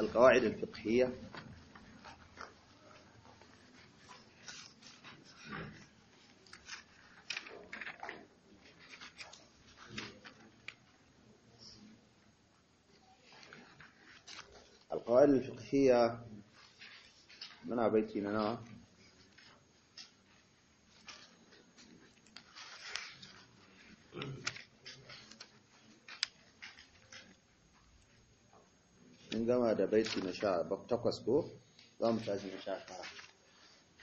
القواعد الفقهية القواعد الفقهية من بيتي أنا gama da baiti na 18 ko za mu tashi na 19 tara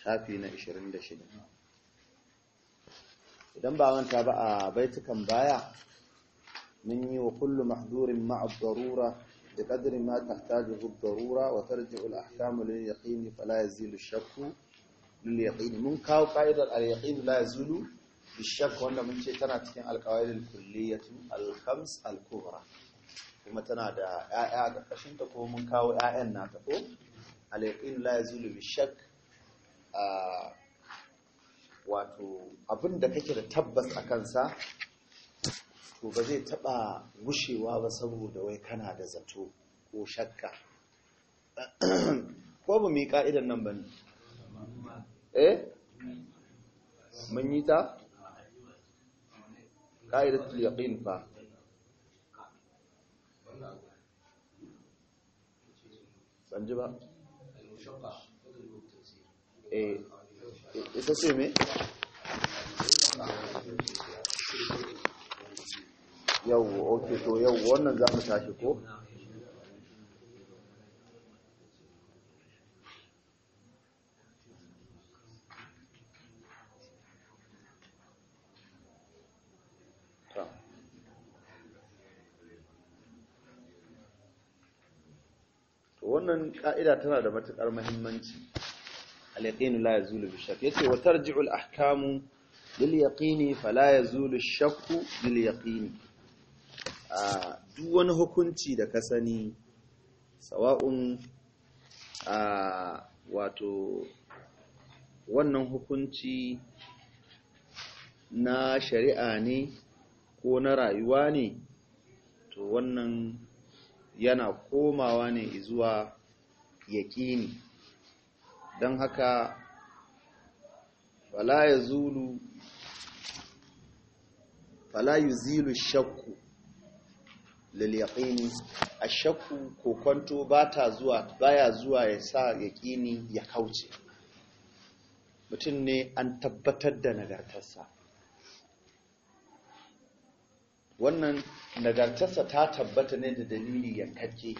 shafi na 26 idan ba manta ba a baitukan baya mun yi wa kullu mahdurin ma'a darura da qadri ma tahtajuhu darura wa tarji al-ahkamu lil yaqini fala yazilu ash-shakku lil yaqini mun kawo qa'idar al-yaqin la yazulu bi shakk wanda mun ce tana cikin al-qawaid al-kulliyatu al-khams al-kubra al qawaid al kulliyatu kulliyatu al khams al kubra kuma tana da ‘ya'ya ga ƙashinta ko mun kawo ‘ya'yan ta ko alaƙin la yazulu bi shak wato abin da kake da tabbas a kansa to ba zai taɓa gushewa ba saboda wai kana da zato ko shakka ko ba mu yi ka'idan nan ba ne eh mun yi ta ƙa'idatul yaqin fa ban ji ba eh ita ce me yau ok to yau wannan za mu tashi ko ka'ida tana da matukar muhimmanci al la yazulu bishak yace wa tarji'u al-ahkamu lil yaqini fala yazulu ash-shakku lil yaqini duk wani hukunci da ka sani sawa'un wato wannan hukunci na shari'a ne ko na rayuwa ne to wannan yana komawa ne zuwa yaƙini don haka fala ya zulu fala shakku a shakku kwanto ba ta zuwa baya zuwa ya sa yaƙini ya kauce mutum ne an tabbatar da nagartarsa wannan nagartarsa ta tabbata ne da dalili yankakke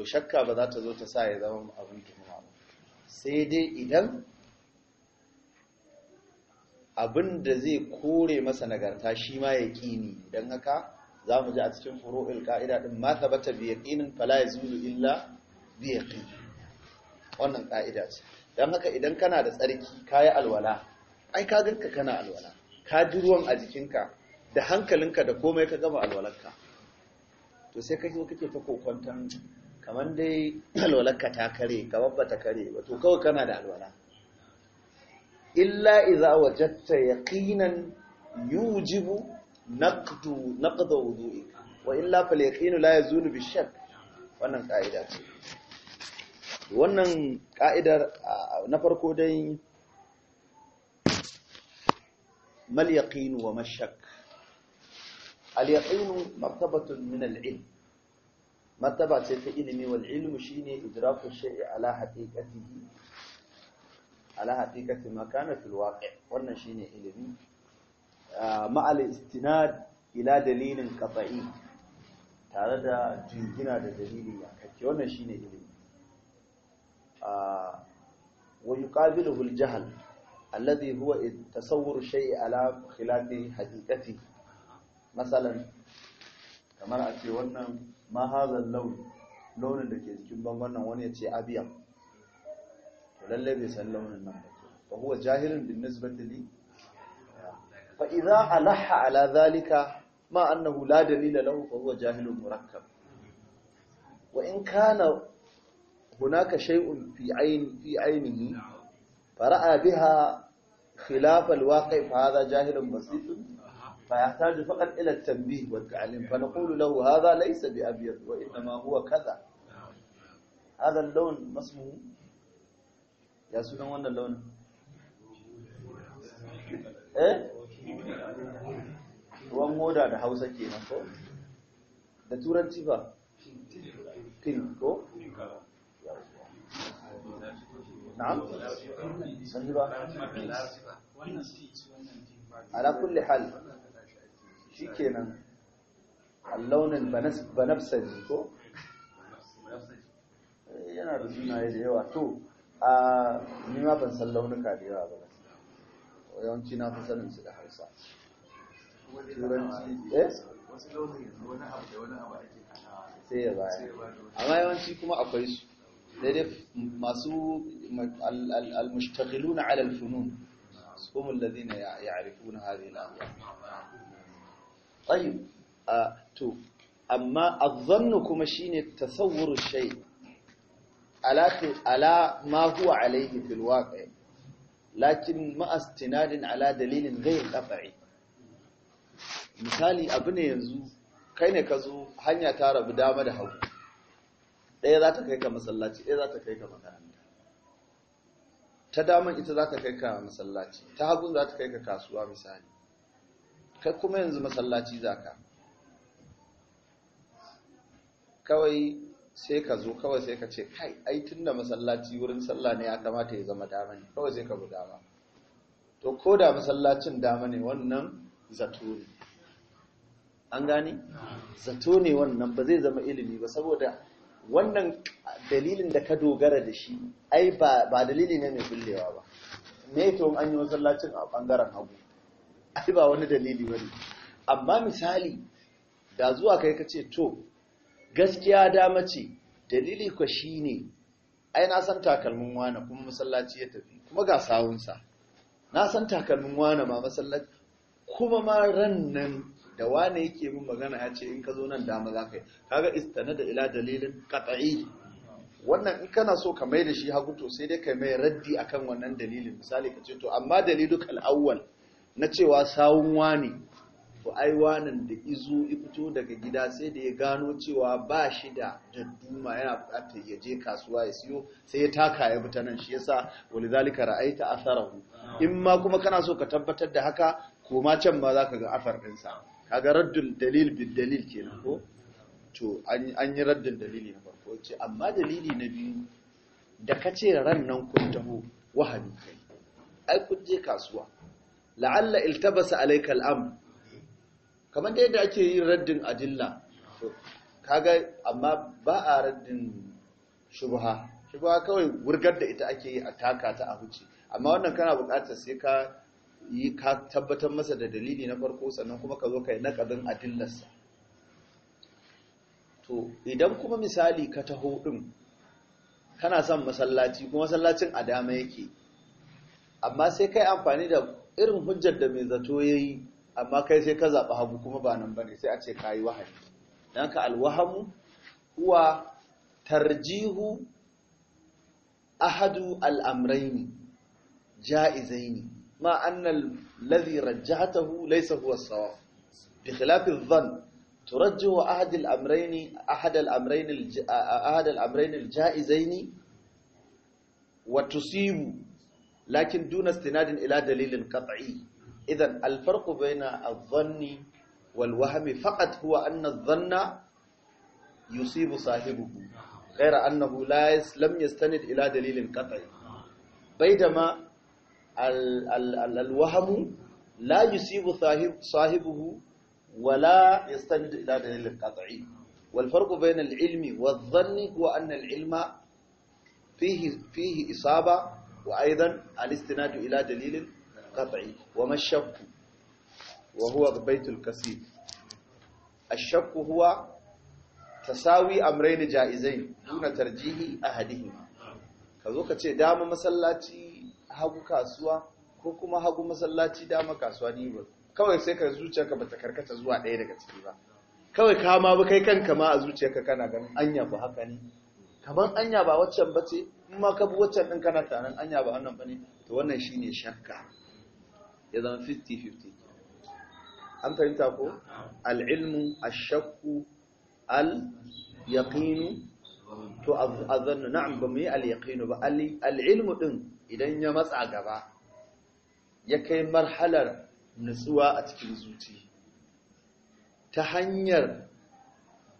to shakka ba za ta zo ta sa ya zama abin tuhuma ba sai dai idan abin da zai kore masa nagarta shi ma ya ƙini don haka za mu ji a cikin furo'il ka'ida ɗin ma tabbata biya ƙinin fala ya zuzu illa biya ƙini wannan ka'ida ce don haka idan kana da tsarki ka yi alwala ai ka ganka kana alwala ka ji ruwan a jikinka da hankalinka da komai ka gama alwalarka to sai kake kake ta kokwantan kamar dai alwalarka ta kare kamar ba ta kare ba to kawai kana da alwala illa iza wajatta yaqinan yujibu naqdu naqdu wudu'i wa illa fal yaqinu la yazulu bi shakk wannan ka'ida ce wannan ka'idar na farko dai mal yaqinu wa mashak al yaqinu martabatun min al ilm مرتبة العلم والعلم شيني إدراك الشيء على حقيقته على حقيقة ما كان في الواقع قلنا شيني علمي آه، مع الاستناد إلى دليل قطعي تعالى جنجنا دليل كيونا شيني علمي آه، ويقابله الجهل الذي هو تصور الشيء على خلاف حقيقته مثلا kamar a ce wannan mahazan launi launin da ke jikin bangon nan wani ya ce abiya to lallai bai san launin nan ba huwa jahilun bin nisbati fa idza alaha ala zalika ma annahu la dalila lahu fa huwa jahilun murakkab wa in kana hunaka shay'un fi ayn fi aynihi fara'a biha khilaf alwaqi fa hadha jahilun basitun فيحتاج فقط إلى التنبيه والتعليم فنقول له هذا ليس بأبيض وإنما هو كذا هذا اللون ما اسمه يا سيدنا وانا اللون eh ruwan moda da hausa kenan ko da turanci ba pink ko na'am sanji ba ala kulli hal shi kenan allaunin banafsari ko eh, yana da sunaye da yawa to a nima ban san launuka da yawa ba yawanci na fi sanin su da hausa turanci eh? sai ya baya amma yawanci kuma akwai su daidai masu al-mushtaqiluna kuma al-funun هم الذين يعرفون هذه الأمور tsayi a to amma a zannu kuma shi tasawwuru shay ala ala ma huwa alayhi fil lakin ma'astinadin ala dalilin zai qat'i misali abu ne yanzu kai ne ka zo hanya ta rabu dama da hagu ɗaya za ta kai ka masallaci ɗaya za ta kai ka makaranta ta daman ita za ta kai ka masallaci ta hagun za ta kai ka kasuwa misali kai kuma yanzu masallaci za ka, kawai sai ka zo kawai sai ka ce kai ai da masallaci wurin sallah ne ya kamata ya zama dama ne kawai sai ka bu dama to ko da masallacin dama ne wannan zato ne an gane zato ne wannan ba zai zama ilimi ba saboda wannan dalilin da ka dogara da shi ai ba dalili ne mai bullewa ba ne to an yi masallacin a bangaren hagu ai ba wani dalili bane amma misali da zuwa kai ka ce to gaskiya dama ce dalili ko ne, ai na san takalmin wani kuma masallaci ya tafi kuma ga sawunsa na san takalmin wani ma masallaci kuma ma ran nan da wane yake min magana ya ce in ka zo nan dama za ka yi kaga istana da ila dalilin qat'i wannan in kana so ka mai da shi hagu to sai dai ka mai raddi akan wannan dalilin misali ka ce to amma dalilu al-awwal na cewa sawun wani to ai wanan da izo ya daga gida sai da ya gano cewa ba shi da jadduma yana bukatar ya je kasuwa ya siyo sai ya taka ya fita nan shi yasa wani zalika ra'aita asarahu in ma kuma kana so ka tabbatar da haka koma can ma za ka ga afar ɗinsa kaga raddun dalil bil dalil kenan ko to an yi raddun dalili na farko ce amma dalili na biyu da ka ce ran nan kun taho wahabi kai ai kun je kasuwa la'alla iltabasa alaikal al'am kamar da yadda ake yin raddin adilla to kaga amma ba a raddin shubha shubha kawai wurgar da ita ake yi a taka ta a huce amma wannan kana bukatar sai ka yi ka tabbatar masa da dalili na farko sannan kuma ka zo kai naqadin adillarsa to idan kuma misali ka taho din kana son masallaci kuma masallacin adama dama yake amma sai kai amfani da irin hujjar da mai zato ya yi amma kai sai ka zaɓi hagu kuma ba nan ba ne sai a ce ka yi wahami don ka alwahamu huwa tarjihu ahadu al'amraini ja'izaini ma annal ladhi rajjahatahu laisa huwa sawab bi khilafi dhann turajjihu ahad al ahad al jaizaini wa tusibu لكن دون استناد إلى دليل قطعي إذا الفرق بين الظن والوهم فقط هو أن الظن يصيب صاحبه غير أنه لا لم يستند إلى دليل قطعي بينما ال ال ال الوهم لا يصيب صاحبه ولا يستند إلى دليل قطعي والفرق بين العلم والظن هو أن العلم فيه فيه إصابة wa aidan al-istinadu ila dalilin qat'i wa mashakk wa huwa baitul kasib ash-shakk huwa tasawi amraini jaizai duna tarjihi ahadihima kazo kace dama masallaci hagu kasuwa ko kuma hagu masallaci dama kasuwa ni kawai sai ka zuciyarka bata karkata zuwa ɗaya daga ciki ba kawai kama ma ba kai kanka ma a zuciyarka kana ganin anya ba haka ne kaman anya ba waccan ba ce in ma ka bi waccan ɗin kana tunanin anya ba wannan ba ne to wannan shi ne shakka ya zama 50-50 an fahimta ko al'ilmu a shakku al-yaƙinu to a azannu na'am ba mu yi al-yaƙinu ba al'ilmu ɗin idan ya matsa gaba ya kai marhalar nutsuwa a cikin zuci ta hanyar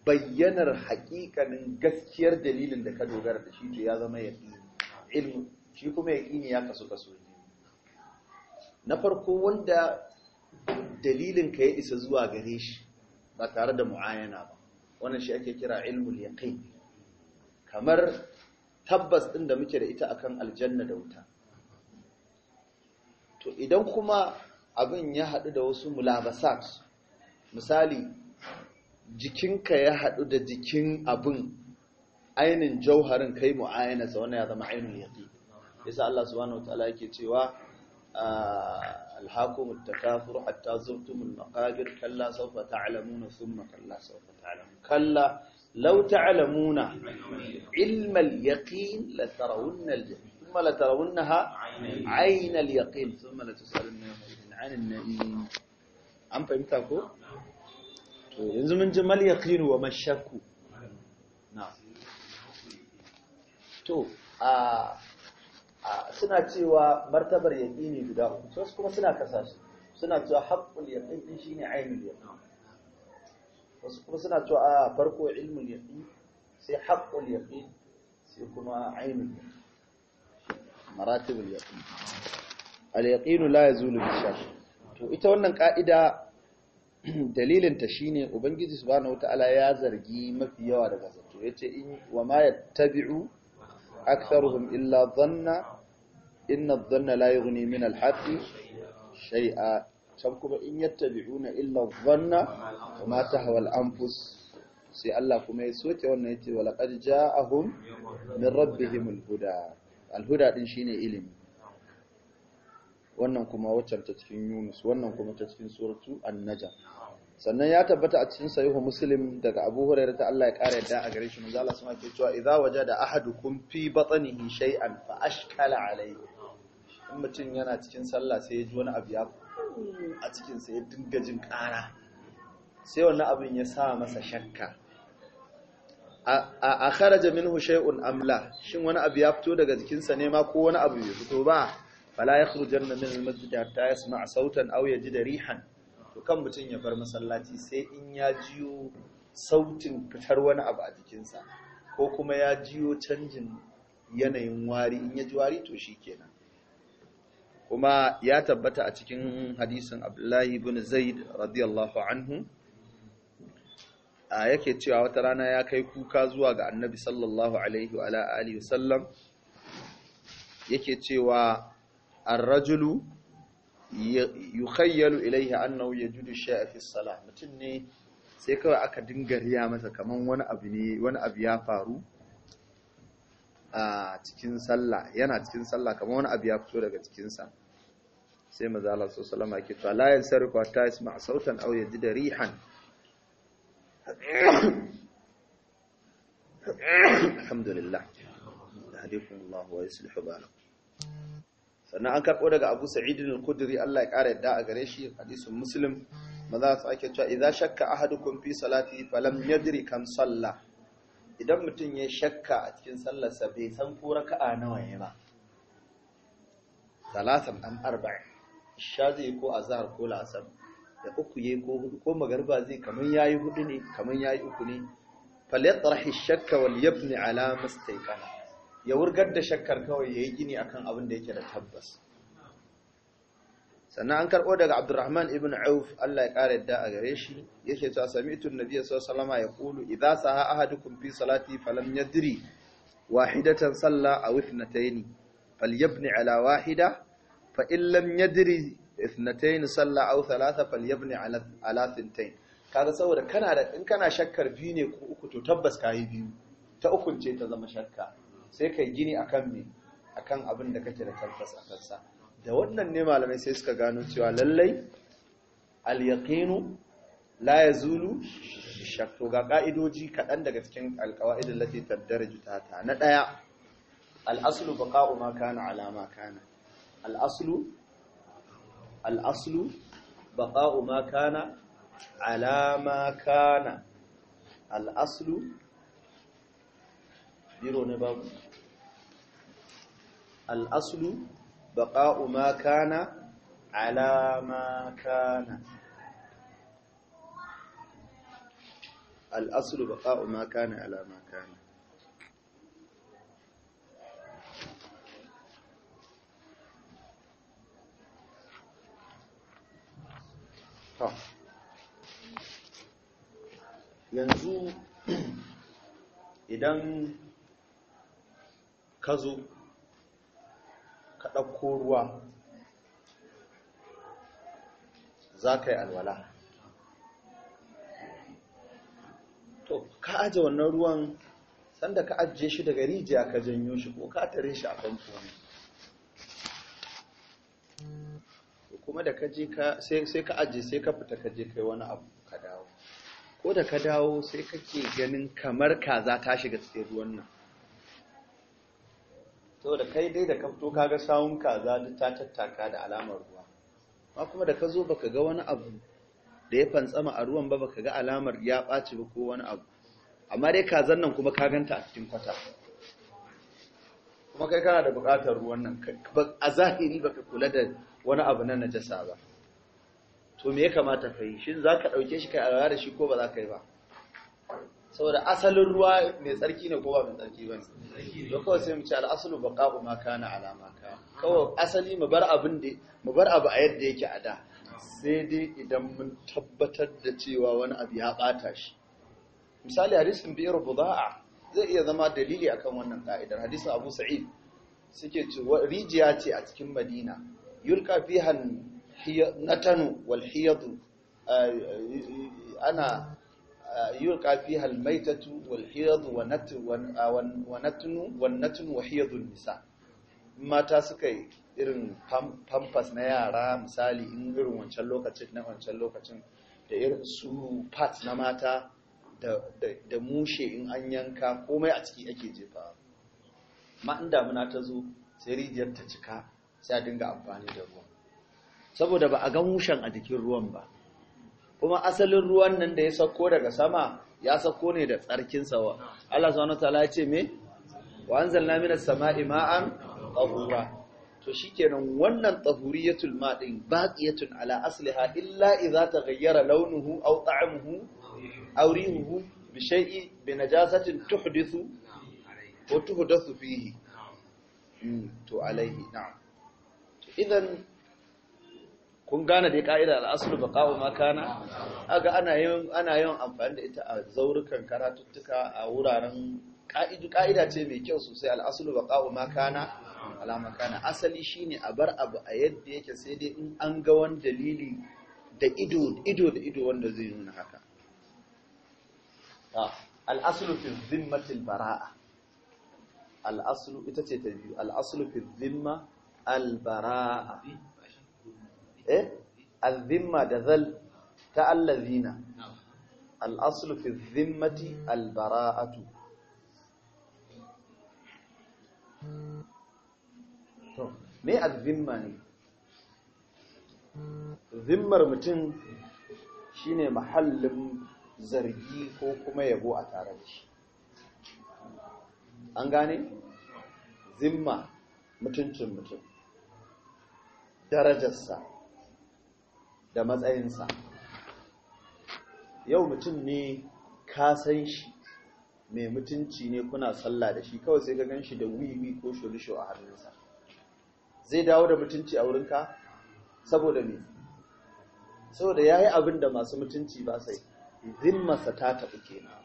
bayyanar haƙiƙanin gaskiyar dalilin da ka dogara da shi to ya zama yaƙini ilmu shi kuma ya yaƙini ya kasu kasu na farko wanda dalilin ka ya isa zuwa gare shi ba tare da mu'ayana ba wannan shi ake kira ilmul yaqin kamar tabbas ɗin da muke da ita akan aljanna da wuta to idan kuma abin ya haɗu da wasu mulabasat misali jikinka ya haɗu da jikin abin ainin jauharin kai mu'ayanarsa wannan ya zama ainihin yaƙi yasa Allah subhanahu wa ta'ala yake cewa alhakum at hatta hatta zurtumul maqabir kalla sawfa ta'lamuna thumma kalla sawfa ta'lamun kalla law ta'lamuna ilmal yaqin la tarawunna al yaqin an fahimta ko yanzu mun ji mal yaqinu wa mashakku na to a suna cewa martabar yaqini guda uku kuma suna kasa suna cewa haqqul yaqini din shine ainul yaqin wasu kuma suna cewa a farko ilmul yaqin sai haqqul yaqin sai kuma ainul yaqin maratibul yaqin al yaqinu la yazulu bi shakk to ita wannan ka'ida dalilinta shine ubangiji subhanahu wataala ya zargi mafi yawa daga zato yace in wa ma yattabi'u aktharuhum illa dhanna inna dhanna la yughni min al-haqqi shay'a can kuma in yattabi'una illa dhanna wa ma tahwa al-anfus sai Allah kuma ya soke wannan yace wa laqad ja'ahum min rabbihim al-huda al-huda din shine ilimi wannan kuma waccan ta cikin Yunus wannan kuma ta cikin suratu an sannan ya tabbata a cikin sahihu Muslim daga Abu Hurairah ta Allah ya kara yadda a gare shi manzo Allah sama ke cewa idza wajada ahadukum fi batnihi shay'an fa ashkala alayhi in mutum yana cikin sallah sai ya ji wani abu ya a cikin sa ya dinga jin kara sai wannan abin ya sa masa shakka a kharaja minhu shay'un amla shin wani abu ya fito daga jikinsa ne ma ko wani abu ya fito ba fala yakhrujanna min al hatta yasma' sautan aw yajida rihan to kan mutum ya bar masallaci sai in ya jiyo sautin fitar wani abu a jikinsa ko kuma ya jiyo canjin yanayin wari in ya ji wari to shikenan kuma ya tabbata a cikin hadisin Abdullahi ibn Zaid radiyallahu anhu yake cewa wata rana ya kai kuka zuwa ga Annabi sallallahu alaihi wa alihi wasallam yake cewa ar-rajulu yukhayyalu ilayhi ya yajidu shi fi salah mutum ne sai kawai aka dinga riya masa kaman wani abu ne wani abu ya faru a cikin sallah yana cikin sallah kaman wani abu ya fito daga cikin sa sai manzo Allah sallallahu alaihi wasallam la yansarifu hatta yasma' sautan aw yajida rihan alhamdulillah wa yuslihu sannan an karɓo daga abu sa'idin al-kudri Allah ya ƙara yadda a gare shi hadisin muslim maza su ake cewa idza shakka ahadukum fi salati falam yadri kam salla idan mutum ya shakka a cikin sallarsa bai san ko raka'a nawa ya ba salatan an arba'i sha zai ko azhar ko lasar da uku yayi ko hudu ko magarba zai kaman yayi hudu ne kaman yayi uku ne falyatrahi shakka wal yabni ala mastaqana ya wurgar da shakkar kawai ya yi gini akan abin da yake da tabbas sannan an karɓo daga abdurrahman ibn auf allah ya ƙara yadda a gare shi yake cewa sami'tu nabiy sallallahu alaihi ya qulu idza saha ahadukum fi salati falam yadri wahidatan salla aw ithnatayn falyabni ala wahida fa in lam yadri ithnatayn salla aw thalatha falyabni ala ala thintayn kaga saboda kana da in kana shakkar biyu ne ko uku to tabbas yi biyu ta ukun ce ta zama shakka sai kai gini akan me akan abin da kake da tabbas a kansa da wannan ne malamai sai suka gano cewa lallai al-yaqinu la yazulu shak to ga ka'idoji kaɗan daga cikin alƙawa'idin lati taddaraju tata na ɗaya al-aslu baqa'u ma kana ala kana al-aslu al ma kana ala kana al biro ne babu al'aslu baqa'u ma kana ala ma kana al'aslu baqa'u ma kana ala ma kana yanzu idan ka zo ka ɗauko ruwa za ka yi alwala to ka aje wannan ruwan sanda ka ajiye shi daga rijiya ka janyo shi ko ka tare shi a famfo ne kuma da ka je ka sai ka ajiye sai ka fita ka je kai wani abu ka dawo ko da ka dawo sai kake ganin kamar kaza ta shiga cikin ruwan nan saboda kai dai da ka ga kaga sawun kaza duk ta tattaka da alamar ruwa ma kuma da ka zo baka ga wani abu da ya fantsama a ruwan ba baka ga alamar ya ɓaci ba ko wani abu amma dai kazan nan kuma ka ganta a cikin kwata kuma kai kana da buƙatar ruwan nan a zahiri baka kula da wani abu na najasa ba to me ya kamata ka yi shin za ka ɗauke shi kai a da shi ko ba za ka yi ba saboda asalin ruwa mai tsarki ne ko ba mai tsarki ba ne da kawai sai mu ci al'asalu ba ƙa'u ma na alama ka kawai asali mu bar abu a yadda yake a da sai dai idan mun tabbatar da cewa wani abu ya ɓata shi misali hadisin biyar buda'a zai iya zama dalili akan wannan ka'idar hadisin abu sa'id suke ce rijiya ce a cikin madina yulka fihan natanu wal hiyadu eh, eh, eh, ana يلقى فيها الميتة والحيض hiyad wa natnu wa natnu wa mata suka irin pampas na yara misali in irin wancan lokacin na wancan lokacin da irin su pat na mata da mushe in an yanka komai a ciki ake jefa ma inda damuna ta zo sai rijiyar ta cika sai dinga amfani da ruwan saboda ba a ga mushen a jikin ruwan ba kuma asalin ruwan nan da ya sauko daga sama ya sauko ne da tsarkin sawa Allah subhanahu wataala ya ce me wa anzalna minas sama'i ma'an tahura to shikenan wannan tahuriyatul ma din baqiyatun ala asliha illa idza taghayyara launuhu aw ta'amuhu aw rihuhu bi shay'in bi najasatin tuhdithu wa tuhdathu fihi hmm, to alaihi na'am idan kun gane dai ka'ida al'asul ba kawo makana aga ana yin ana yin amfani da ita a zaurukan karatuttuka a wuraren ka'idu ka'ida ce mai kyau sosai al'asul ba kawo makana ala makana asali shine a bar abu a yadda yake sai dai in an ga wani dalili da ido ido da ido wanda zai nuna haka Al'asulufin fi zimmatil bara'a ita ce ta biyu al'asulu fi zimma al bara'a eh al-dhimma da zal ta allazina al-aslu fi dhimmati al-bara'atu to me al-dhimma ne zimmar mutum shine mahallin zargi ko kuma yabo a tare da shi an gane zimma mutuncin mutum darajarsa da matsayinsa yau mutum ne ka san shi mai mutunci ne kuna sallah da shi kawai sai ka gan shi da wiwi ko sholisho a hannunsa zai dawo da mutunci a wurinka saboda me saboda ya yi abin da masu mutunci ba sai zimmarsa ta tafi kenan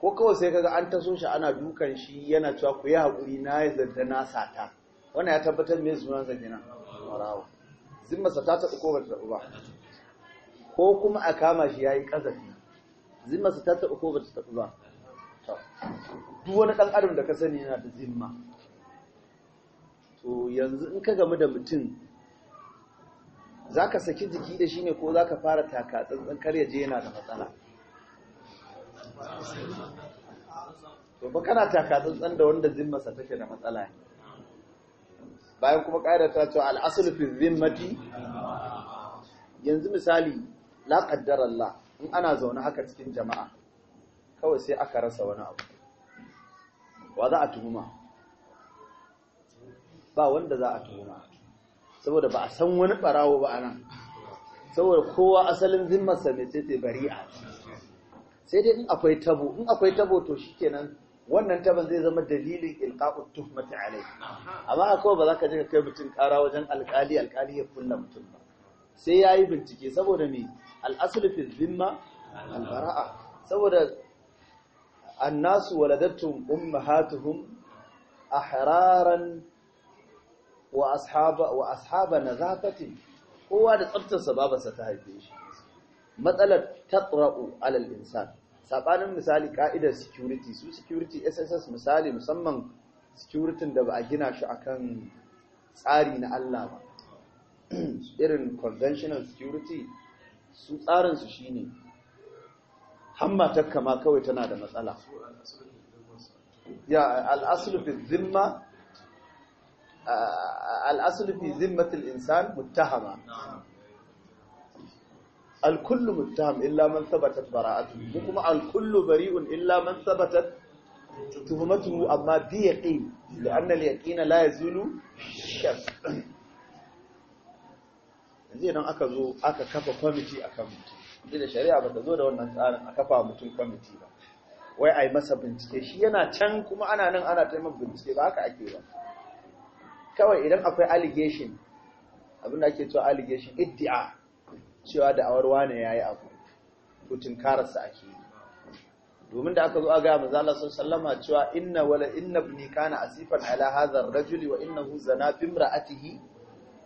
ko kawai sai kaga an taso shi ana dukan shi yana cewa ku yi haƙuri na ya zarda na sata wannan ya tabbatar me sunansa kenan marawa zimmarsa ta taɓa ko bata taɓa ba ko kuma a kama shi ya yi ƙazafi zimmarsa ta taɓa ko bata taɓa ba duk wani ɗan adam da ka sani yana da zimma to yanzu in ka gamu da mutum za ka saki jiki da shi ne ko za ka fara taka tsantsan kar ya je yana da matsala to ba kana taka tsantsan da wanda zimmarsa take da matsala ne bayan kuma ƙa'idar ta cewa al'asul fi zimmati yanzu misali la Allah in ana zaune haka cikin jama'a kawai sai aka rasa wani abu wa za a tuhuma ba wanda za a tuhuma saboda ba a san wani barawo ba anan saboda kowa asalin zimmarsa mai sai bari'a sai dai in akwai tabo in akwai tabo to shikenan wannan taban zai zama dalilin ilqa'ut tuhmati alai amma kawai ba za ka je ka kai mutum ƙara wajen alƙali alƙali ya kulla mutum ba sai yayi bincike saboda me al'aslu fi zimma albara'a saboda annasu waladatuhum ummahatuhum ahraran wa ashaba wa ashaba nazafatin kowa da tsaftarsa babarsa ta haife shi matsalar tatra'u alal insan sabanin misali ka'idar security su security SSS misali musamman security da ba a gina shi akan tsari na Allah ba irin conventional security su tsarinsu shine hamma ta kama kawai tana da matsala ya al'asulu fi zimma zimmatul insan muttahama alkullu muttaham illa man sabatat bara'atu ko kuma alkullu bari'un illa man sabatat tuhumatuhu amma bi yaqin li'anna al-yaqina la yazulu shak yanzu idan aka zo aka kafa kwamiti akan mutum da shari'a ba ta zo da wannan tsarin a kafa mutum kwamiti ba wai ai masa bincike shi yana can kuma ana nan ana taimakon bincike ba haka ake ba kawai idan akwai allegation abin ake cewa allegation iddia cewa da awar ya yayi abu to karasa ake yi domin da aka zo a gaya manzo Allah sallama cewa inna wala inna ibni kana asifan ala hadha ar wa innahu zana bi imra'atihi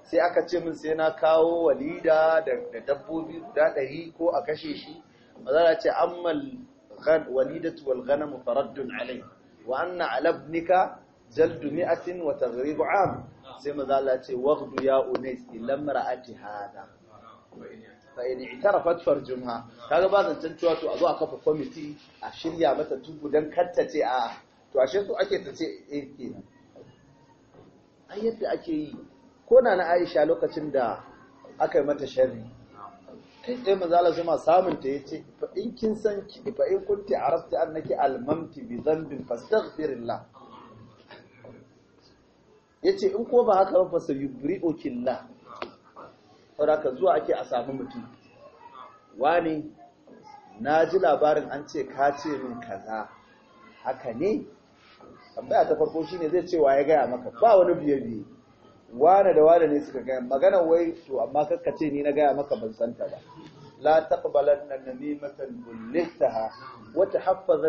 sai aka ce min sai na kawo walida da dabbobi guda ɗari ko a kashe shi manzo Allah ce ammal ghan walidatu wal ghanam faraddun alai wa anna ala ibnika jaldu mi'atin wa am sai manzo Allah ce waghdu ya unais illa imra'ati hadha fa in i'tarafat farjumha kaga ba zancen cewa to a zo a kafa kwamiti a shirya mata tubu dan kattace ce a to ashe su ake ta ce eh ke ai yadda ake yi ko na na Aisha lokacin da aka yi mata sharri kai tsaye manzala zama samun ta yace fa in kin san ki fa in kunti arafti annaki almamti bi dhanbin fastaghfirillah yace in ko ba haka ba fa sayubri'ukillah ka zuwa ake a samu mutum wani na ji labarin an ce ka ce min kaza haka ne tambaya ta farko shine zai ce wa ya gaya maka ba wani biye biye wane da wane ne suka gaya magana wai to amma kakka ce ni na gaya maka ban santa ba la ba ka ha, wa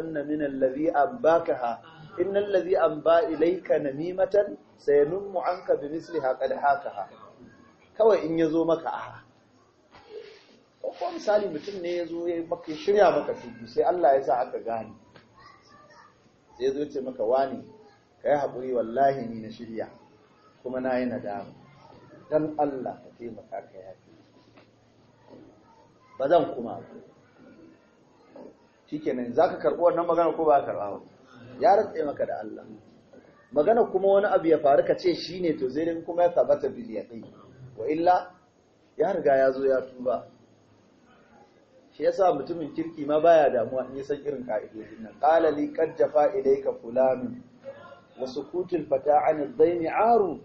nan min alladhi anbakaha innal ladhi anba ilayka namimatan sayanummu anka bimithliha qad hakaha kawai in ya zo maka a ko misali mutum ne ya zo ya maka shirya maka tudu sai Allah ya sa aka gane sai ya zo ce maka wani ka yi haƙuri wallahi ni na shirya kuma na yi nadama don Allah ka taimaka ka yafi ba zan kuma ba za ka karɓi wannan magana ko ba ka karɓa ba ya rantse maka da Allah magana kuma wani abu ya faru ka ce shi ne to zai kuma ya tabbata biliyar ɗin wa illa ya riga ya zo ya tuba shi yasa mutumin kirki ma baya damuwa in san irin ka'idojin nan qala li qad jafa ilayka fulanun wa sukutul fata an ad-dayni aru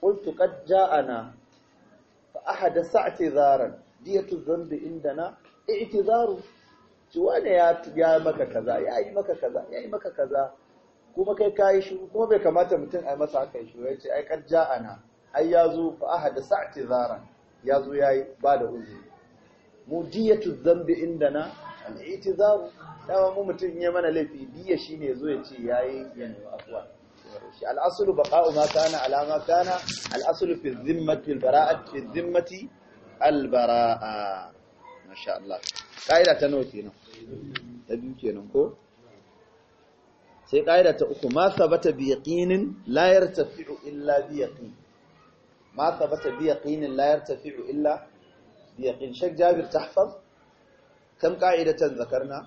qultu qad ja'ana fa ahada sa'ati zaran diyatu dhanbi indana i'tizaru ci wane ya ya maka kaza ya yi maka kaza ya yi maka kaza kuma kai kayi shi kuma bai kamata mutum ai masa haka shi ya ce ai qad ana. ai ya zo fa ahada sa'ati zaran ya zo ya yi ba da uzuri mu diyatu zambi inda na al'itizaru dama mu mutum ya mana laifi diya ne yazo ya ce yayi yana afwa shi al'aslu baqa'u ma kana alama kana al'aslu fi zimmati al fi zimmati al-bara'a masha Allah kaida ta nawa kenan ta biyu kenan ko sai kaida ta uku ma sabata bi yaqinin la yartafi'u illa bi yaqin ما ثبت بيقين لا يرتفع إلا بيقين شيخ جابر تحفظ كم قاعدة ذكرنا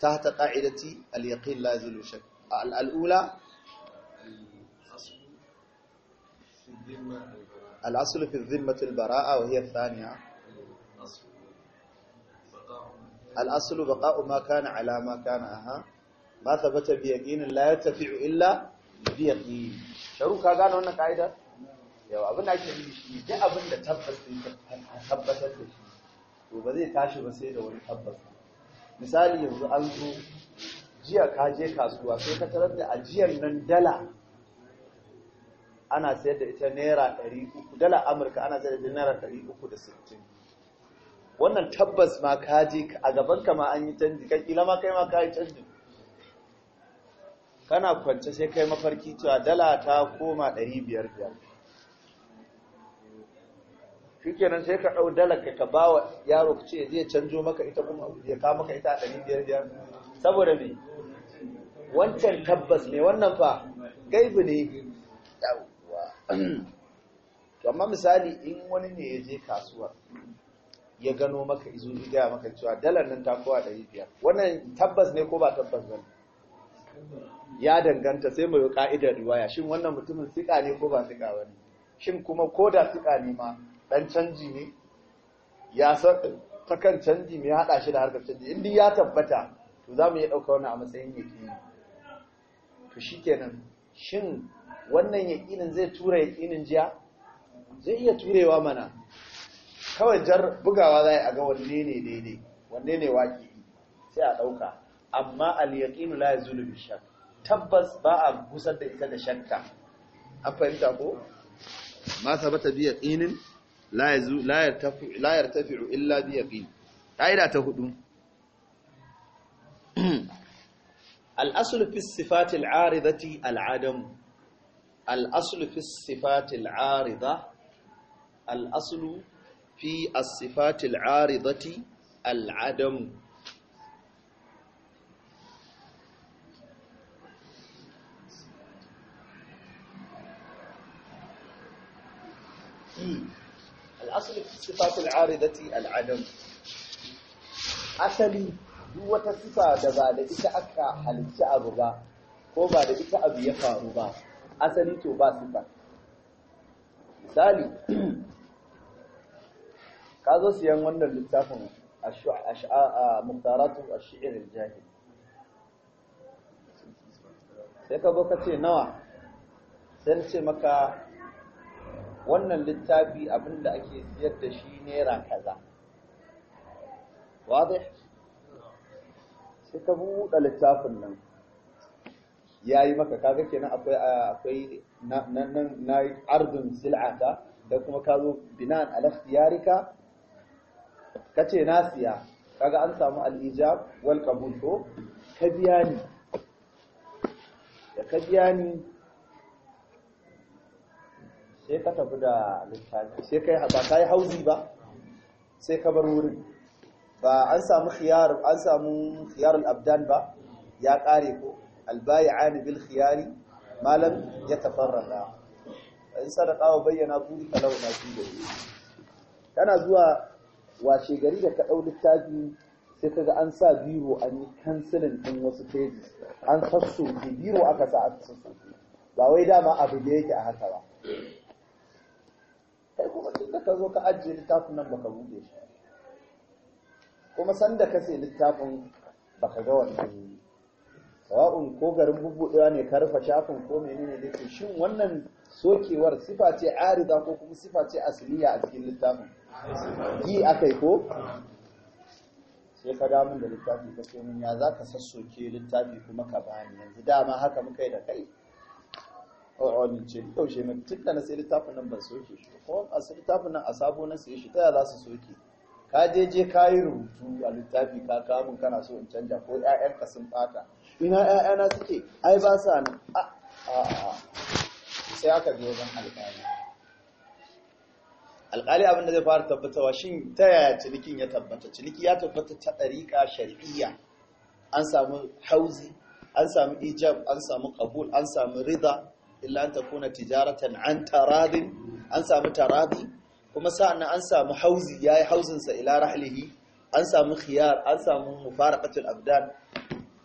تحت قاعدة اليقين لا يزول شك الأولى الأصل في الذمة البراءة وهي الثانية الأصل بقاء ما كان على ما كان أها ما ثبت بيقين لا يرتفع إلا بيقين شروك هذا هنا قاعدة yawa abin da ake yi shi duk abin da tabbas tabbatar da shi to ba zai tashi ba sai da wani tabbas misali yanzu an zo jiya ka je kasuwa sai ka tarar da ajiyar nan dala ana sayar da ita naira 300 dala amurka ana sayar da naira 360 wannan tabbas ma ka je a gaban ka ma an yi canji kan kila ma kai ma ka yi canji kana kwance sai kai mafarki cewa dala ta koma 500 shikenan sai ka ɗau dalar ka ba wa yaro ka ce zai canjo maka ita kuma ya kawo maka ita a ɗari biyar biyar saboda me wancan tabbas ne wannan fa gaibu ne to amma misali in wani ne ya je kasuwa ya gano maka izo ya maka cewa dalar nan ta kowa ɗari biyar wannan tabbas ne ko ba tabbas ba ya danganta sai mai ka'idar riwaya shin wannan mutumin sika ne ko ba sika ba ne shin kuma ko da sika ne ma dan canji ne ya ta kan canji mai haɗa shi da harkar canji in ya tabbata to za mu iya ɗauka wani a matsayin yaƙini to shi kenan shin wannan yaƙinin zai tura yaƙinin jiya zai iya turewa mana kawai jar bugawa za a ga wanne ne daidai wanne ne waƙi sai a ɗauka amma Ali yaƙinu la yazulu bi shak tabbas ba a gusar da ita da shakka an fahimta ko ma sabata bi yaqinin لا لا يرتفع لا يرتفع الا بيقين قاعده تهدو الاصل في الصفات العارضه العدم الاصل في الصفات العارضه الاصل في الصفات العارضه العدم Mm-hmm. al'asali sifatul aridati al'adam asali duk wata sifa da ba da ita aka halitta abu ba ko ba da ita abu ya faru ba asali to ba sifa misali ka zo siyan wannan littafin a mutaratu a al jahil sai ka ka ce nawa sai ce maka wannan littafi abin da ake siyar da shi naira kaza Wadai suka buɗe littafin nan ya yi maka kaga kenan akwai akwai ardun sil'ata da kuma ka zo binan alaftiyarika ka ce na siya kaga an samu al'ijab wal qabul to, ka biya ni da ka biya ni sai ka tafi da littafi sai kai ba kai hauzi ba sai ka bar wurin ba an samu khiyar an samu khiyar al-abdan ba ya kare ko al-bai'an bil khiyari malam ya tafarrada in sadaka wa bayyana buri kalau na ji da kana zuwa washe gari da ka dau littafi sai kaga an sa biro an yi din wasu pages an sassoke biro aka sa a sassoke ba wai dama abu da yake a haka ba kai kuma tun da ka zo ka ajiye littafin nan baka buɗe shi kuma sanda ka sai littafin baka ga ne sawa'un ko garin bubuɗewa ne ka rufe shafin ko menene da ke shin wannan sokewar sifa ce arida ko kuma sifa ce asiliya a cikin littafin yi akai ko sai ka damun da littafi ka ce mun ya za ka sassoke littafi kuma ka bani yanzu dama haka muka yi da kai ce yaushe na tun da na sai littafin nan ban soke shi ko a sai littafin nan a sabo na sai shi ta yaya za su soke ka je je ka yi rubutu a littafi ka kamun kana so in canja ko ƴaƴanka sun bata ina ƴaƴana suke ai ba sa nan a a sai aka je wajen alƙali alƙali abin da zai fara tabbatawa shin ta yaya cinikin ya tabbata ciniki ya tabbata ta ɗariƙa shari'iyya an samu hauzi an samu ijab an samu kabul an samu rida illa an takuna tijaratan an taradin an samu taradi kuma sa'annan an samu hauzi yayi hauzin sa ila rahlihi an samu khiyar an samu mufaraqatul abdan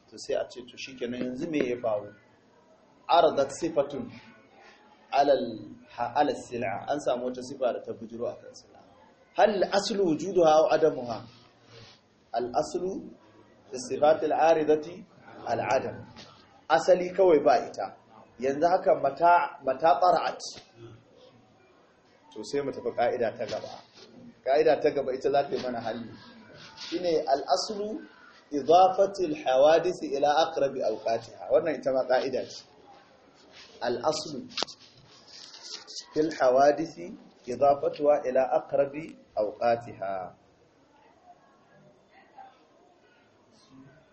to sai a ce to shikenan yanzu me ya faru aradat sifatun alal alal sil'a an samu wata sifa da ta bujuro akan sil'a hal aslu wujuduha aw adamuha al aslu fi sifatil aridati al adam asali kawai ba ita yanzu haka mata mata qara'at to sai mu tafi ka'ida ta gaba ka'ida ta gaba ita za ta yi mana hali shine al-aslu idafati al-hawadith ila aqrabi awqatiha wannan ita ma ka'ida ce al-aslu fil hawadith idafatuha ila aqrabi awqatiha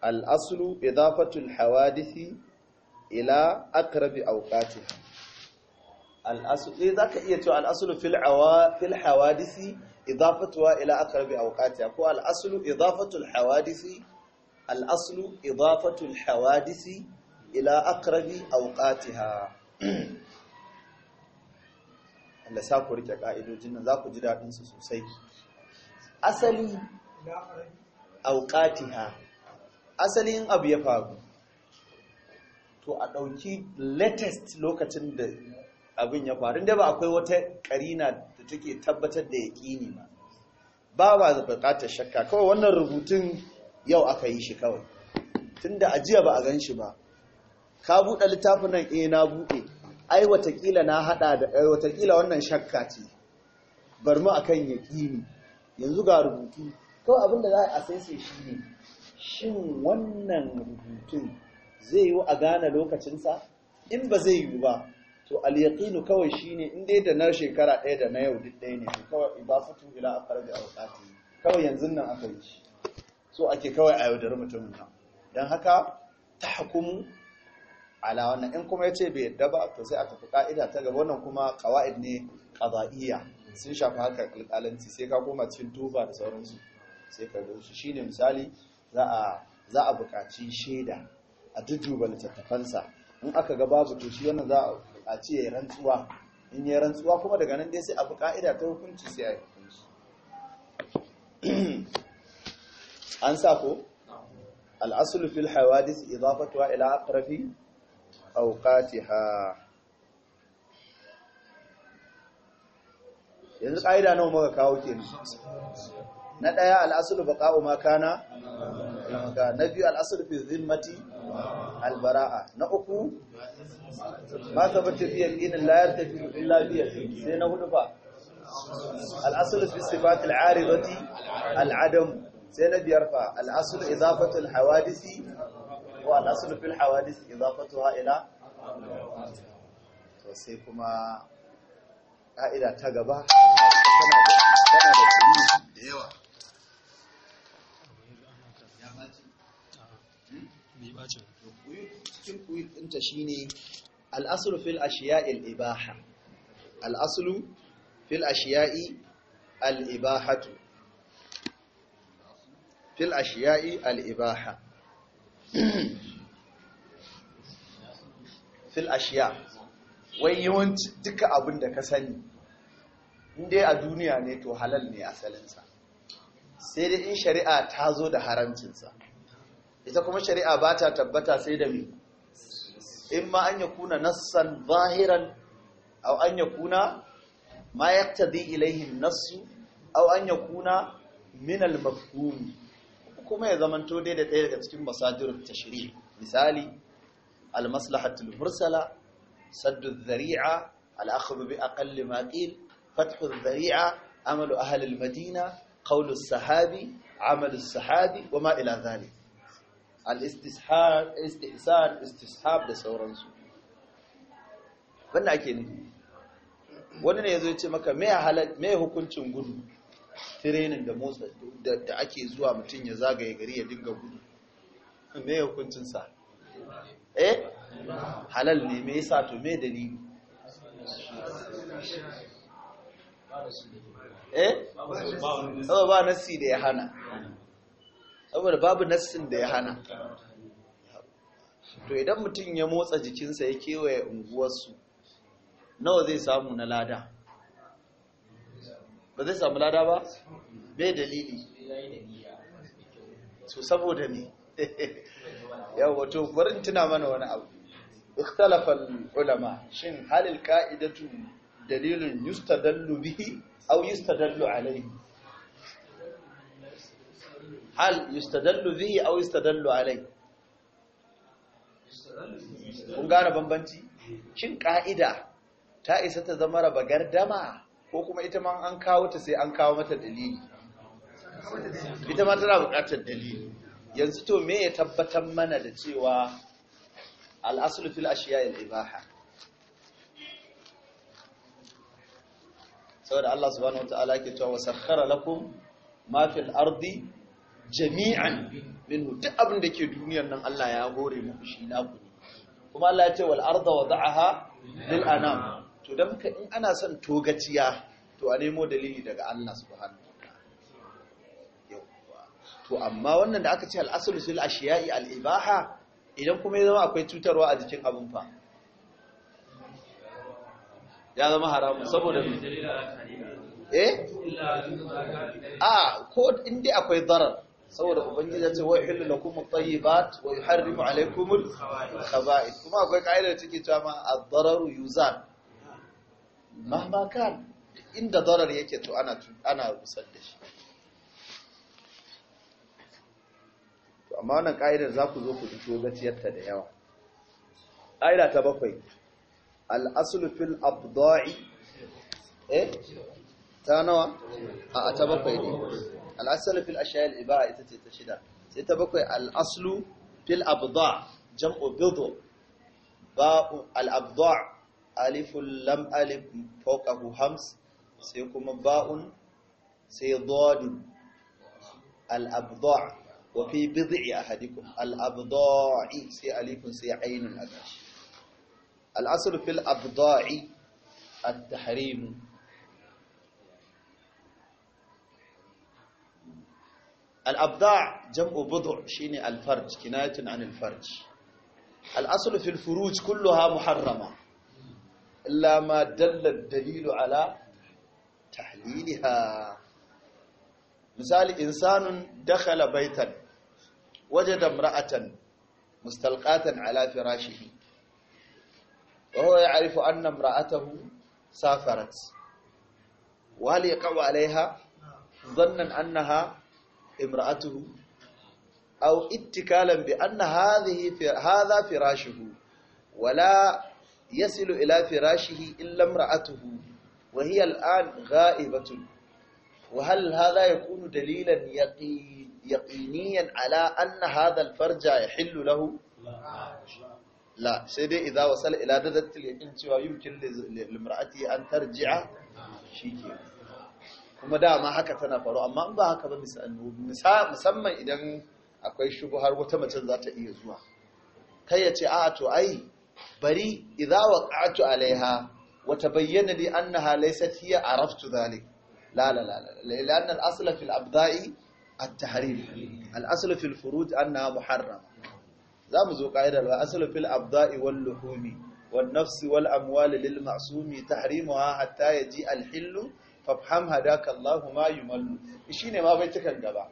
al-aslu idafatu al-hawadith ila akrabi awqatiha al-asl eh, zaka iya cewa al-aslu fil awa fil hawadisi idafatuha ila aqrabi awqatiha ko al-aslu idafatu al-hawadisi al-aslu idafatu al-hawadisi ila aqrabi awqatiha Allah sa ku rike ka'idojin nan za ku ji dadin su sosai asali awqatiha asalin abu ya faru to a ɗauki latest lokacin da abin ya faru da ba akwai wata ƙarina da take tabbatar da yaƙini ba ba ba da buƙatar shakka kawai wannan rubutun yau aka yi shi kawai tunda a jiya ba a gan shi ba ka buɗe littafin nan eh, na buɗe ai watakila na haɗa da ai eh, watakila wannan shakka ce bar mu akan yaƙini yanzu ga rubutu kawai abin da za a sai sai shi ne shin wannan rubutun zai yi a gane lokacinsa in ba zai yi ba to al-yaqinu kawai shine in dai da na shekara ɗaya da na yau duk ɗaya ne to kawai idafatu a aqrabi awqati kawai yanzu nan aka yi shi so ake kawai a yaudari mutumin nan dan haka tahkumu ala wannan in kuma ya ce bai yadda ba to sai a tafi ka'ida ta gaba wannan kuma qawaid ne qada'iyya sun shafi haka alƙalanci sai ka koma cikin tuba da sauransu sai ka ga shi shine misali za a za a buƙaci shaida a jujjuba littattafansa in aka ga babu to shi wannan za a ce ya rantsuwa in ya rantsuwa kuma daga nan dai sai abu ka'ida ta hukunci sai a yi hukunci an sa ko al'asulu fil hawadis idafatuwa ila aqrabi awqatiha yanzu ka'ida nawa muka kawo kenan na daya al'asulu baqa'u ma kana ga na biyu al'asar fi zimmati albara'a na uku ma ka bata biya ƙinin layar tafi illa biya sai na hudu ba al'asar fi sifat al'aribati al'adam sai na biyar fa al'asar izafatul hawadisi ko al'asar fil hawadisi izafatu ha'ila to sai kuma ƙa'ida ta gaba tana da da yawa bacin cikin kuyi ɗinta shine al'asulu fil ashiya'il ibaha al'asulu fil ashiya'i al'ibahatu fil ashiya'i al'ibaha fil ashiya wai yawanci duka abin da ka sani inda a duniya ne to halal ne asalinsa sai dai in shari'a ta zo da haramcinsa ita kuma shari'a ba ta tabbata sai da mi in ma an kuna nassan zahiran au an kuna ma yaqtadi ilayhi an nassu au an yakuna min al kuma ya zamanto dai da ɗaya daga cikin masadirut tashri' misali al-maslahatul mursala saddu adh-dhari'a al-akhdhu bi fathu amalu ahlil madina qawlu sahabi amalu sahabi wa ma ila zalika al-istishar istishab da sauransu wanda ake ne, wani ne ya zo ce maka mai hukuncin gudu tirenin da motsa da ake zuwa mutum ya zagaye gari ya dinga gudu mai hukuncinsa eh halal ne mai yasa to mai dalili eh ba nasi da ya hana saboda babu nassin da ya hana to idan mutum ya motsa jikinsa ya kewaye unguwarsu nawa zai samu na lada ba zai samu lada ba bai dalili su saboda ne yau wato barin tuna mana wani abu ikhtalafal ulama shin halil ka'idatu dalilin yustadallu bihi aw yustadallu alayhi hal yustadallu bihi aw yustadallu alai kun gane bambanci shin ka'ida ta isa ta zama raba gardama ko kuma ita ma an kawo ta sai an kawo mata dalili ita ma tana buƙatar dalili yanzu to me ya tabbatar mana da cewa al'asulu fil ashiya ibaha saboda Allah subhanahu wa ta'ala ke cewa wasakhara lakum ma fil ardi jami'an minhu duk abin da ke duniyar nan Allah ya hore mu shi na ku kuma Allah ya ce wal arda wada'aha lil anam to dan ka in ana son togaciya to a nemo dalili daga Allah subhanahu to amma wannan da aka ce aslu sul ashiya'i ibaha idan kuma ya zama akwai cutarwa a jikin abin fa ya zama haramun saboda eh a ko inda akwai zarar saboda ubangiji ya ce wa yuhillu lakum at-tayyibat wa yuharrimu alaykum al-khaba'ith kuma akwai kaida da take cewa ma ad-dararu yuzan mahma kan inda darar yake to ana ana rusar da shi to amma wannan kaidar za ku zo ku fito gaciyarta da yawa kaida ta bakwai al-aslu fil abda'i eh ta nawa a ta bakwai ne al'asal fil ashayil ibara ita ce ta shida sai ta bakwai al'aslu fil abda jam'u bidu ba'u al'abda alifun lam alif fawqahu hams sai kuma ba'un sai dodin al'abda wa fi a ahadikum al'abda'i sai alifun sai ainun a gashi al'aslu fil abdu'a at-tahrimu الأبضاع جمع بضع شيني الفرج كناية عن الفرج الأصل في الفروج كلها محرمة إلا ما دل الدليل على تحليلها مثال إنسان دخل بيتا وجد امرأة مستلقاة على فراشه وهو يعرف أن امرأته سافرت وهل يقع عليها ظنا أنها imra'atuhu aw ittikalan bi anna hadhihi hadha firashuhu wala yasilu ila firashihi illa imra'atuhu wa hiya al'an gha'ibatun wa hal hadha yakunu dalilan yaqiniyan ala anna hadha al-farja yahillu lahu la sai dai idza wasala ila dadat al-yaqin cewa yumkin li imra'ati an tarji'a shikenan kuma dama haka tana faru amma in ba haka ba musamman idan akwai har wata mace za ta iya zuwa kai ya ce a to ai bari idza waqa'tu alaiha wa tabayyana li annaha laysat hiya araftu dhalik la la la la an al-asl fi al-abda'i at-tahrim al-asl fi al-furuj annaha muharram zamu zo qaidar al-asl fi al-abda'i wal-luhumi wan-nafs wal-amwal lil-ma'sumi tahrimuha hatta yaji al-hillu fafham hadaka Allahu ma yumallu shine ma baitukan gaba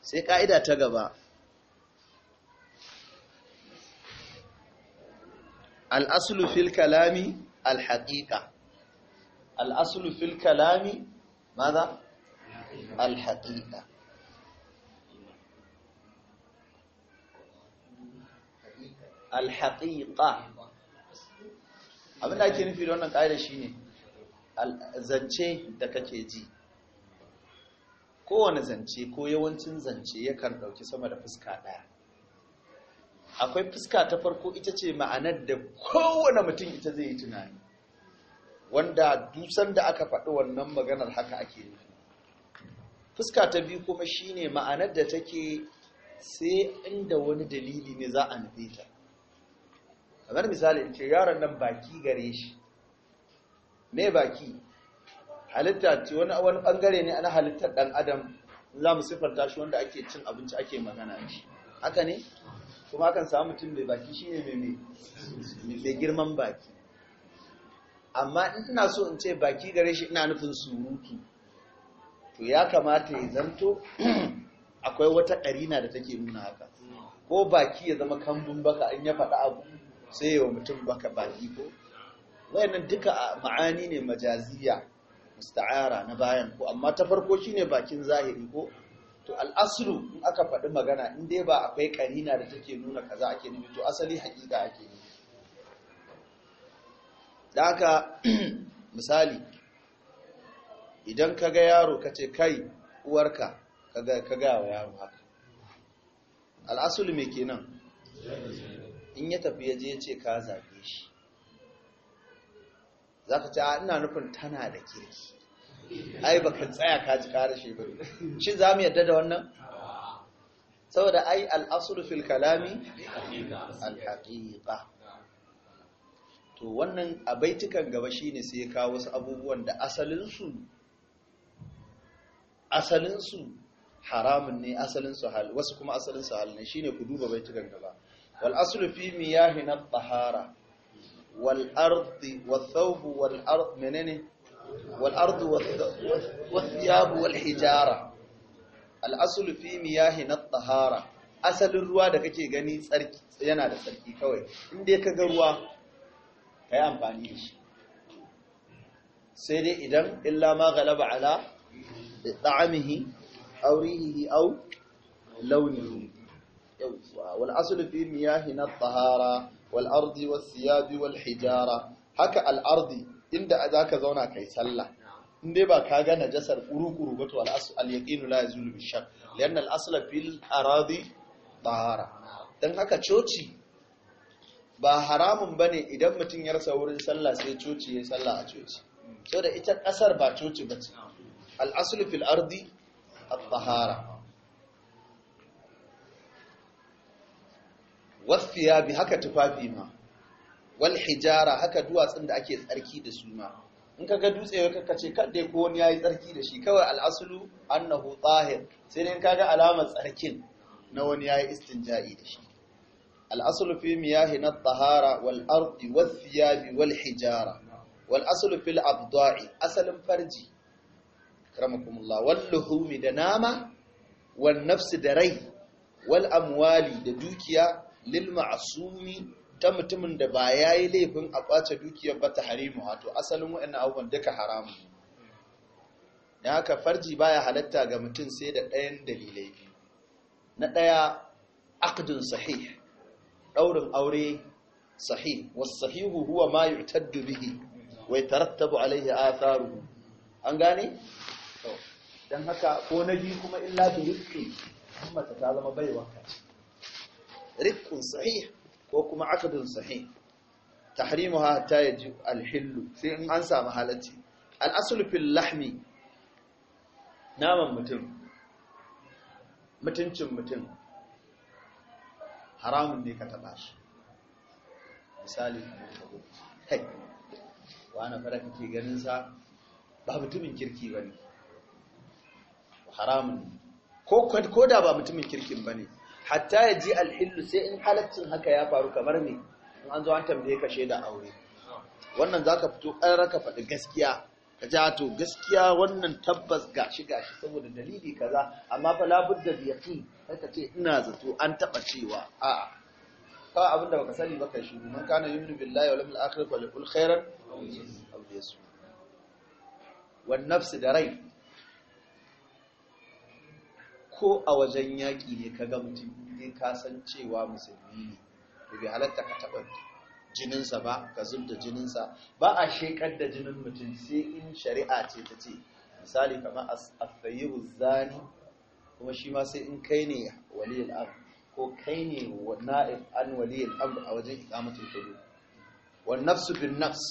sai ka'ida ta gaba al'asulu fil kalami al-haqiqa al'asulu fil kalami ماذا الحقيقة الحقيقة abin da ake nufi da wannan ƙa'ida shine zance da kake ji kowane zance ko yawancin zance yakan ɗauki sama da fuska ɗaya akwai fuska ta farko ita ce ma'anar da kowane mutum ita zai yi tunani wanda dusan da aka faɗi wannan maganar haka ake nufi fuska ta biyu kuma shine ma'anar da take sai inda wani dalili ne za a nufe ta kamar misali ce yaron nan baki gare shi me baki halitta ce wani wani bangare ne na halittar dan adam za mu sifarta shi wanda ake cin abinci ake magana shi haka ne kuma akan samu mutum mai baki shine mai mai girman baki amma ina so in ce baki gare shi ina nufin surutu to ya kamata ya zanto akwai wata karina da take nuna haka ko baki ya zama kambun baka in ya faɗa abu sai yawa mutum baka baki ko wayannan duka ma'ani ne majaziya musta'ara na bayan ko amma ta farko shine bakin zahiri ko to al'aslu in aka faɗi magana in dai ba akwai karina da take nuna kaza ake nufi to asali haƙiƙa ake nufi da haka misali idan ka ga yaro ka kai uwarka ka ga wa yaro haka al'asulu mai kenan in ya tafi ya je ya ce ka zaɓe shi za ka ce a ina nufin tana da kirki ai ba ka tsaya ka ji kare shi ba shi za mu yadda da wannan saboda ai al'asuru fil kalami alhaƙiƙa to wannan a baitukan gaba ne sai ya wasu abubuwan da asalinsu asalinsu haramun ne asalinsu hal wasu kuma asalinsu hal ne shi ne ku duba baitukan gaba wal aslu fi miyahi na tsahara wal ardi wal thawb wal ard menene wal ard wal thiyab wal hijara fi miyahi na tahara asalin ruwa da kake gani tsarki yana da tsarki kawai inda ka ga ruwa kai amfani da shi sai dai idan illa ma galaba ala da'amihi aw rihihi aw launihi yawwa wal aslu fi miyahi na tahara wal ardi was siyabi wal hijara haka al'ardi inda za zaka zauna kai sallah in dai ba ka ga najasar kuru-kuru ba to al la yazulu bi shak lian al fil aradi tahara dan haka coci ba haramun ba ne idan mutum ya rasa wurin sallah sai coci ya sallah a coci da ita ƙasar ba coci ba al aslu fil ardi at tahara wasfiya bi haka tufafi ma wal hijara haka duwatsun da ake tsarki da su ma in ka ga dutse ka ce kan dai ko wani yayi tsarki da shi kawai al'aslu annahu tahir sai dai kaga alamar tsarkin na wani yayi istinja'i da shi al'aslu fi miyahi na tahara wal ardi was thiyabi wal hijara wal aslu fil abda'i asalin farji karamakumullah wal luhumi da nama wal nafsi da rai wal amwali da dukiya lil ta mutumin da ba ya yi laifin a ɓace dukiyar ba ta harimu wato asalin waɗannan abubuwan duka haramu ne haka farji baya halatta ga mutum sai da ɗayan dalilai biyu na ɗaya aqdun sahih ɗaurin aure sahih wasu sahihu huwa ma yu'taddu bihi wa alaihi a tsaru an gane don haka ko na biyu kuma illa bi rizqi ta zama baiwa kaci. rifqun sahi, ko kuma aqdun sahih tahrimuha hatta ji alhillu sai in an samu halacci al'asulu fil lahmi naman mutum mutuncin mutum haramun ne ka taɓa shi misali kuma wa na fara kake ganin sa ba mutumin kirki ba ne haramun ne. ko da ba mutumin kirkin ba ne hatta ya ji alhillu sai in halaccin haka ya faru kamar ne in an zo an tambaye ka shaida aure wannan zaka fito ƙarar ka faɗi gaskiya ka ja to gaskiya wannan tabbas gashi gashi saboda dalili kaza amma fa labudda da yaqin sai ka ce ina zato an taba cewa a'a ka abin da baka sani baka shi man kana yuminu billahi wal yawmil akhir fa lahu khairan aw yasu da rai ko a wajen yaƙi ne ka ga mutum ne ka san cewa musulmi ne to bai halatta ka taɓa jininsa ba ka zub jininsa ba a shekar da jinin mutum sai in shari'a ce ta ce misali kamar asayiru zani kuma shi ma sai in kai ne waliyul amr ko kai ne na'ib an waliyul a wajen iqamatul hudud wan nafsu bin nafs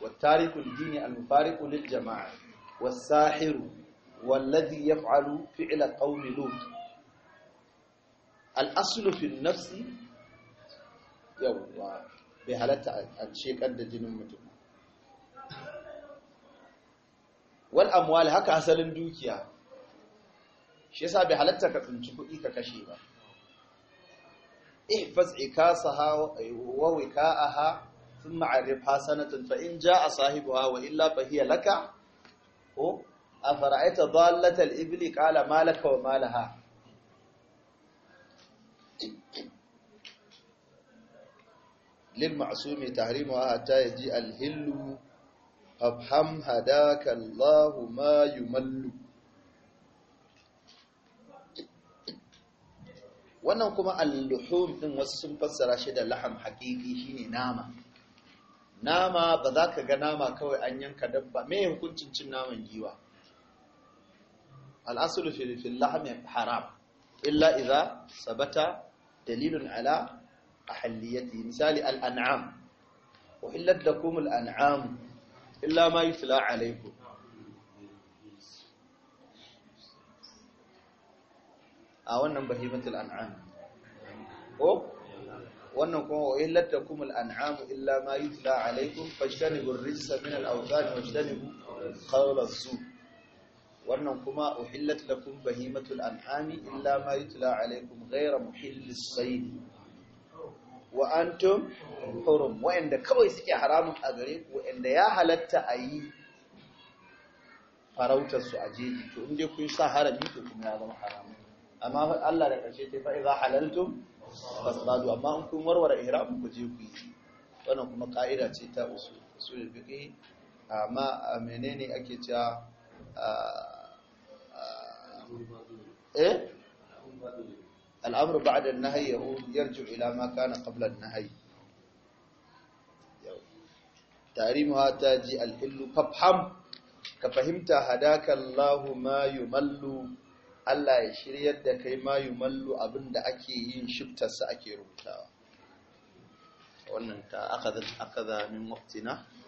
wat tariku dini al mufariqu lil jama'a was sahiru wallazi yaf'alu fi'la qaumi lut al-aslu fi nafsi yawwa bai halatta a shekar da jinin mutum wal haka asalin dukiya shi yasa bai halarta ka tsinci kuɗi ka kashe ba ihfaz ikasaha wa wika'aha thumma arifha sanatan fa in jaa sahibuha wa illa fa hiya laka ko afara'aita dallatal ibli qala malaka wa malaha lil ma'sumi tahrimuha hatta yaji al hillu afham hadaka Allah ma yumallu wannan kuma al-luhum din wasu sun fassara shi da laham haqiqi shine nama nama ba za ka ga nama kawai an yanka dabba me hukuncin cin naman giwa الأصل في اللحم حرام إلا إذا ثبت دليل على أحليته مثال الأنعام وحلت لكم الأنعام إلا ما يتلى عليكم أولا آه، بهيمة الأنعام وأنكم وحلت لكم الأنعام إلا ما يتلى عليكم فاجتنبوا الرجس من الأوثان واجتنبوا قول الزوب wannan kuma uhillat lakum bahimatul an'ami illa ma yutla alaykum ghayra muhillis sayd wa antum hurum wa'anda kawai suke haramun a gare ku wa'anda ya halatta a yi farautar su a jeji to in dai kun sa harami to kuma ya zama haramun amma Allah da karshe ta fa idza halaltum fasadu amma in kun warware ihram ku je ku yi wannan kuma ka'ida ce ta usul usul fiqh amma ah, menene ake cewa ah, إيه؟ الأمر بعد النهي هو يرجع إلى ما كان قبل النهي تاريمها تاجي الحل فبحم كفهمت هداك الله ما يمل الله يشري يدك ما يمل أبن دعكي شبت سأكي رمتا وأن أخذ أخذ من وقتنا